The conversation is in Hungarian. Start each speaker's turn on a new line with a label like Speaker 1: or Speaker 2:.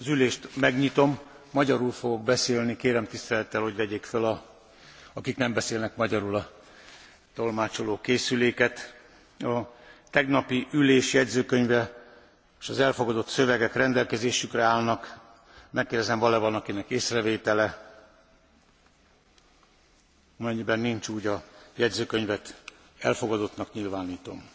Speaker 1: az ülést megnyitom magyarul fogok beszélni kérem tisztelettel hogy vegyék föl akik nem beszélnek magyarul a tolmácsoló készüléket. a tegnapi ülés jegyzőkönyve és az elfogadott szövegek rendelkezésükre állnak. megkérdezem van e valakinek észrevétele? amennyiben nincs úgy a jegyzőkönyvet elfogadottnak nyilvántom.